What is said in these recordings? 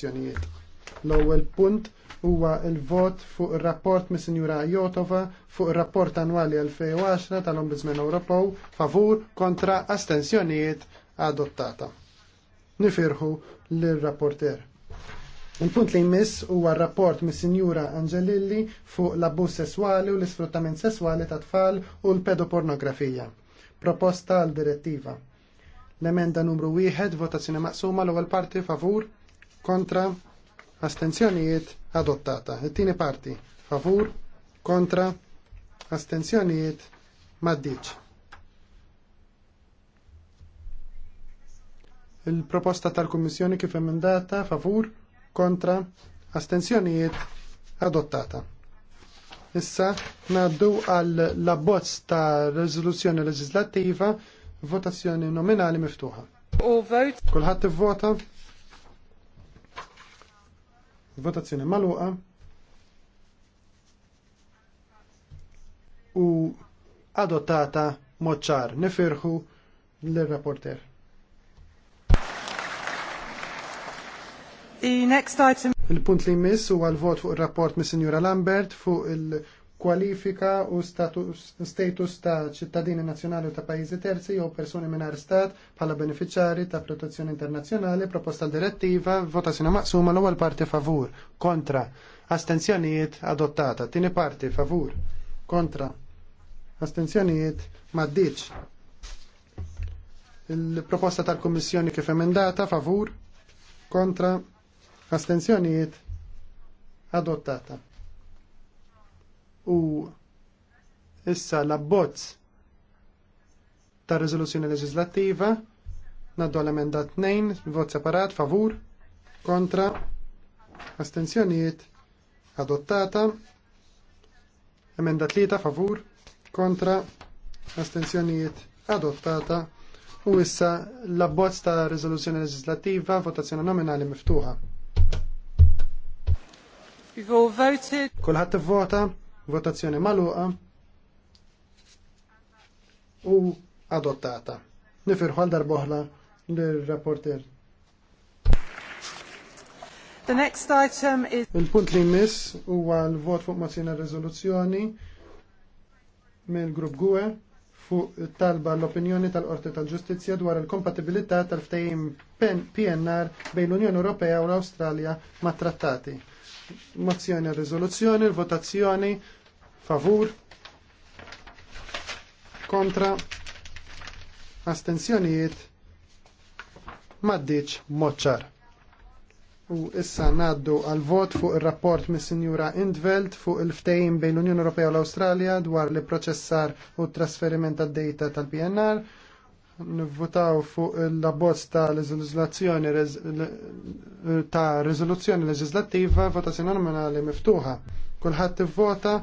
elezzjonijiet. L-ewwel punt huwa l-vot fuq ir-rapport mis Sinjura Jotova fuq ir-rapport annwali 2010 tal-Ombudsman Ewropew favur kontra astensjonijiet adottata. Nifirħu l-rapporter. Il-punt li jmiss huwa r rapport mis sinjura Angelilli fuq l-abbuż sesswali u l-isfruttament sesswali ta' tfal u l-pedopornografija. Proposta għal direttiva. L-emenda numru 1, votazzjoni maqsuma l-ewwel parti favur, kontra, astenzjonijiet adottata. It-tieni parti, favur, kontra, astenzjonijiet maddiċ. Il-proposta tal-Kummissjoni kif emendata, favur, kontra, astenzjonijiet adottata. Issa naddu għal labbozz ta' rezoluzzjoni leġislattiva votazzjoni nominali miftuħa. U vote. Kulħadd ivvota? Votazzjoni maluqa. U adottata moċċar nefirħu l-rapporter. Il-punt li jmiss huwa l-vot fuq ir-rapport mis-Sinjura Lambert fuq il- kwalifika u status, status ta' ċittadini nazzjonali u ta' pajjiżi terzi jew persuni mingħajr stat bħala beneficjari ta' protezzjoni internazzjonali proposta direttiva votazzjoni maqsuma l-ewwel parti favur kontra astenzjonijiet adottata tieni parti favur kontra astenzjonijiet maddiċ il-proposta tal kummissjoni kif emendata favur kontra astenzjonijiet adottata u issa l-abbozz ta' rezoluzzjoni leġislattiva naddu għal-emenda 2, vot separat, favur, kontra, astenzjoniet, adottata, emenda 3, favur, kontra, astenzjonijiet, adottata, u issa l-abbozz ta' rezoluzzjoni leġislattiva, votazzjoni nominali miftuħa. Kulħadd vota Votazzjoni maluqa u adottata. Nifirħu għal darboħla l-rapporter. The next item is... Il-punt li mis huwa l-vot fuq mozzjoni rezoluzzjoni mill-grupp GUE fuq talba l-opinjoni tal-Qorti tal-Ġustizzja dwar il-kompatibilità tal-ftehim PNR bejn l-Unjoni Ewropea u l-Awstralja ma' trattati Mozzjoni rezoluzzjoni, l-votazzjoni, favur kontra astensjonijiet maddiċ moċċar. U issa naddu għal vot fuq il-rapport mis sinjura Indveld fuq il-ftejim bejn l unjon Ewropea u l australia dwar li proċessar u trasferiment tad data tal-PNR. Nivvutaw fuq il abbozz ta' leżislazzjoni ta' Rizoluzzjoni leġislattiva votazzjoni nominali miftuħa. Kulħadd ivvota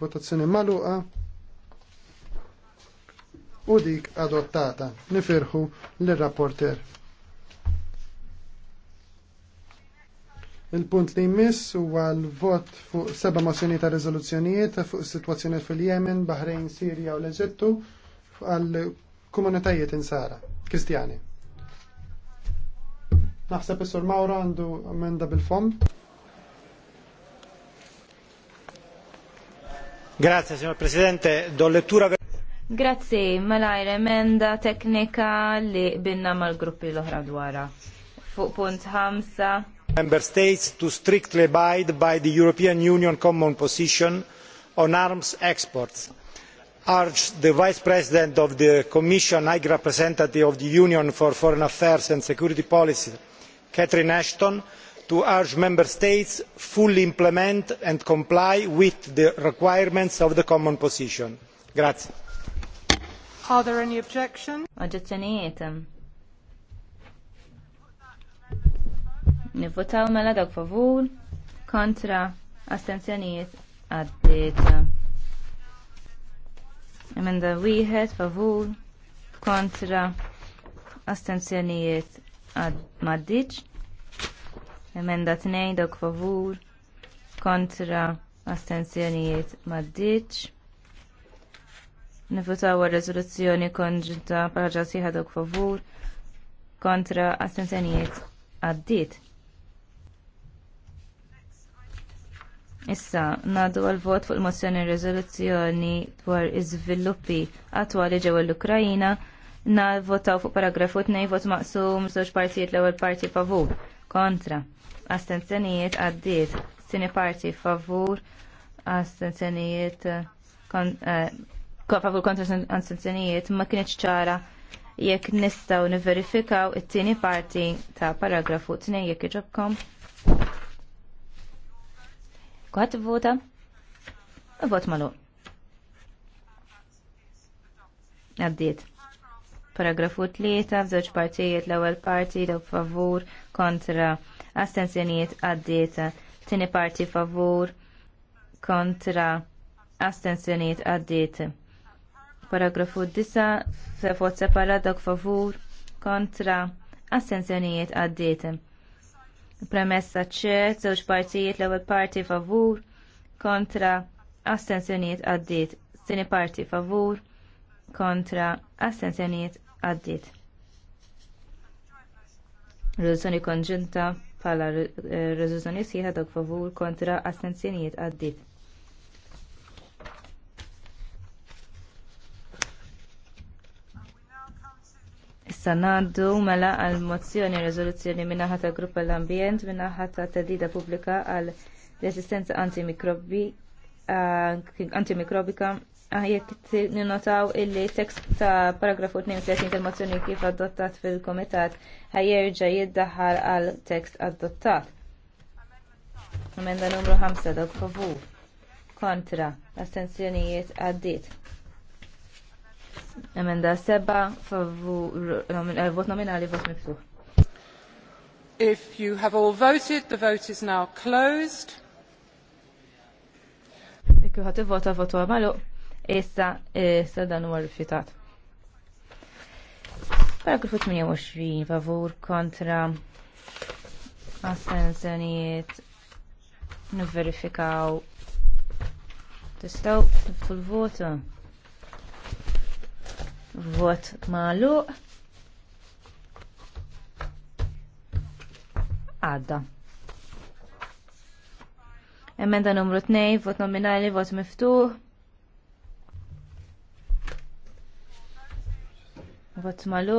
Votazzjoni maluqa u dik adottata. Nifirħu l-rapporter. Il-punt li jmiss huwa l-vot fuq seba' mozzjoni ta' riżoluzzjonijiet fuq is-sitwazzjoni fil-Yemen, Bahrejn, Sirja u l-Eġittu għal komunitajiet insara, Kristjani. Naħseb is-Sur Mawra għandu emenda bil-fond. Grazie, signor Presidente. Do lettura... Grazie, mela emenda teknika li binna mal-gruppi l ohra dwara. Fuq punt ħamsa. Member States to strictly abide by the European Union common position on arms exports. Arge the Vice President of the Commission, High Representative of the Union for Foreign Affairs and Security Policy, Catherine Ashton, to urge member states to fully implement and comply with the requirements of the common position. Grazie. Are there any objections? Nivvotaw mela favur, kontra, astenzjonijiet Emenda wieħed favur, kontra, astenzjonijiet għad maddiċ. Emenda 2 dok favur kontra astenzjonijiet maddiċ. Nifutaw rezoluzzjoni konġunta paġa siħa dok favur kontra astenzjonijiet għaddit. Issa, nadu għal-vot fuq il-mozzjoni rezoluzzjoni dwar iżviluppi attwali ġewel l-Ukrajina, navvotaw fuq paragrafu 2 vot maqsum żewġ partijiet l-ewwel parti favur kontra astenzjonijiet għaddiet Sini parti favur astenzjonijiet kon, eh, favur kontra astenzjonijiet ma kienieċ ċara jekk nistaw niverifikaw it-tieni parti ta' paragrafu tnejn jekk iġobkom. Kuħat vota? Vot malu. Għaddiet. Paragrafu 3 f'żewġ partijiet l-ewwel parti daw favur kontra astensjonijiet għaddieta. Tieni parti favur kontra astensjonijiet għaddieta. Paragrafu 9 f'vot separat dawk favur kontra astensjonijiet għaddieta. Premessa ċert, żewġ partijiet l-ewwel parti favur kontra astensjonijiet għaddiet. Tieni parti favur kontra astensjonijiet għaddit. Rezoluzzjoni konġunta pala eh, rezoluzzjoni sieħa dok favur kontra astenzjonijiet għaddit. Issa mela għal mozzjoni rezoluzzjoni min-naħa grupp l-ambjent min-naħa ta' tedida pubblika għal resistenza antimikrobika eh, Ah, jekk ninnotaw illi tekst ta' paragrafu 32 tal-mozzjoni kif adottat fil-komitat ħajerġa jiddaħħal għal tekst adottat. Amenda numru 5 dawk favur. Kontra. Astenzjonijiet għaddit. Amenda 7 favur. Eh, vot nominali, vot miftuħ. If you have all voted, the vote is now closed. Ikku ħat vota votu għamalu. Issa, issa e, dan huwa rifiutat. Paragrafu 28, favur kontra assenzjonijiet nivverifikaw tistaw fil votu Vot malu Għadda. Emenda numru 2, vot nominali, vot miftuħ. Vot malu.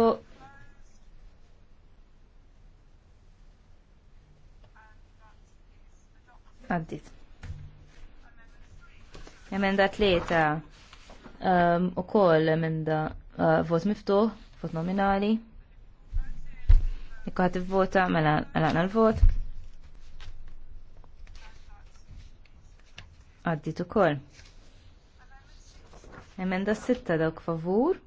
Għaddit. Emenda tlieta. Ehm, u koll emenda eh, vot miftuħ, vot nominali. Jekk ħadd ivvota mela, mela għalaqna l-vot. Għaddit ukoll. Emenda sitta dawk favur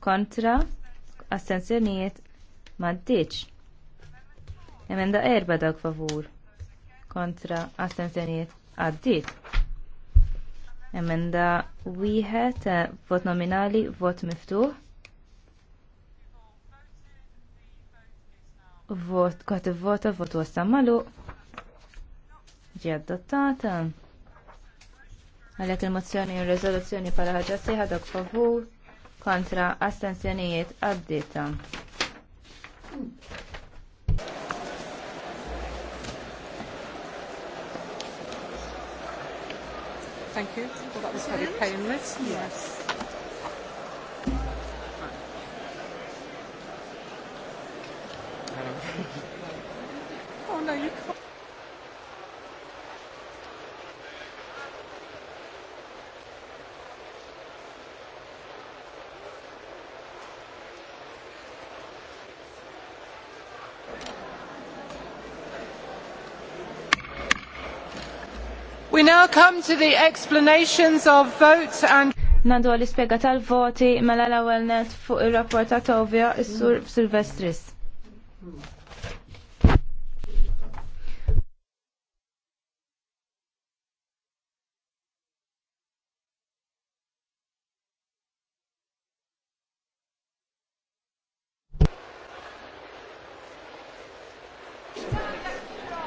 kontra astensjonijiet maddiċ. Emenda erba dawk favur kontra astensjonijiet għaddit. Emenda wieħed eh, vot nominali, vot miftuħ. Vot kot vota, vot wasta malu. Ġi adottata. Għalhekk il-mozzjoni u r-riżoluzzjoni bħala ħaġa sieħa favur kontra astensjonijiet għaddieta. Thank you. Well, that was very painless. Yes. oh, no, you can't. We now come to the explanations of votes and Nandu għal-ispiega tal-voti mela l-ewwel fuq ir-rapport ta' Tovja sur Silvestris.